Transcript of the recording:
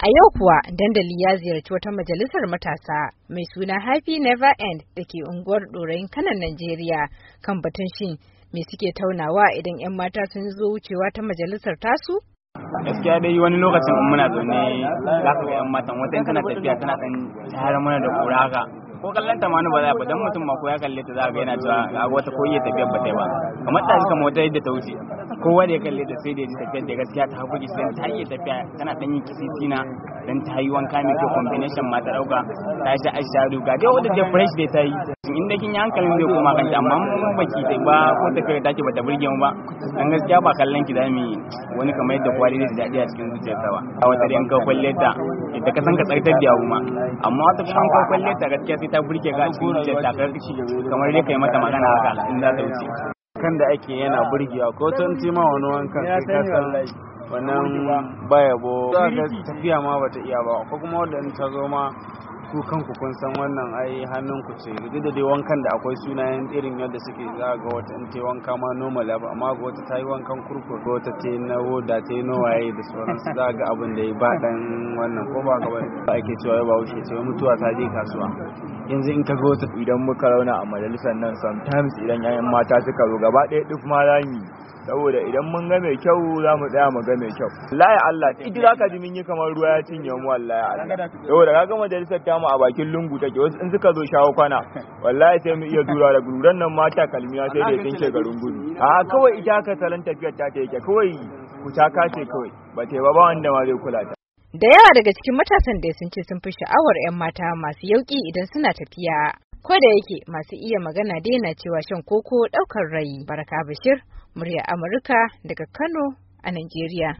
A yau kuwa dandali ya ziyarci wata majalisar matasa mai suna Happy Never End da ke unguwar Dorayin kanan Najeriya kan batun shin me suke taunawa idan 'yan mata sun zo wucewa ta majalisar tasu? gaskiya dai wani lokacin in muna zaune za ka ga 'yan matan wata in kana tafiya tana kan tayar muna da kura haka ko kallon ta ma ba za ba dan mutum ma ko ya kalle ta za ga yana cewa ga wata ko iya tafiyar ba ta ba kamar ta suka mota yadda ta wuce kowa da ya kalle ta sai da ji tafiyar da gaskiya ta hakuki sai ta yi tafiya tana dan yin tina dan ta yi wanka mai kyau combination ma ta dauka ta sha ashadu ga dai wata ta fresh da ta yi inda kin yi hankalin zai koma kanta amma mun baki ta ba ko ta kai take ta burge mu ba An gaskiya ba kallon ki zamu wani kamar yadda kwari da daɗi a cikin zuciyar ta ba a wata yanka kwalle ta da ka san ka tsartar da yawon ma amma wata kuma kawai farkon ta gaskiya sai ta burke ka a da shi kamar dai kai mata magana haka in za ta wuce kan da ake yana burgewa ko tun tima wani wankan sai ka san wannan baya bo tafiya ma bata iya ba ko kuma wadda ta zo ma ku kanku kun san wannan ai hannunku ce duk da dai wankan da akwai sunayen irin yadda suke za ga wata in ta wanka ma normal ba amma ga wata ta yi wankan kurkur ga wata ta na woda ta yi nowaye da sauran su za ga abin da ya ba dan wannan ko ba ga wani ake cewa ba wuce ce mutuwa ta je kasuwa yanzu in ka ga wata idan muka rauna a majalisar nan sometimes idan yayan mata suka zo gaba ɗaya duk ma rami saboda idan mun ga mai kyau za mu tsaya mu ga mai kyau wallahi Allah idi zaka ji mun yi kamar ruwa ya cinye mu wallahi Allah saboda kaga majalisar ta mu a bakin lungu take wasu in suka zo shawo kwana wallahi sai mu iya dura da gururan nan mata kalmiya sai da tinke garin gudu a kawai ita ka salon tafiyar ta ta yake kawai ku ta kace kawai ba ta ba wanda ma zai kula ta da yawa daga cikin matasan da sun ce sun fi sha'awar 'yan mata masu yauki idan suna tafiya Ko da yake masu iya magana daina cewa shan koko ɗaukar rai. Baraka Bashir, murya Amurka daga Kano a Najeriya.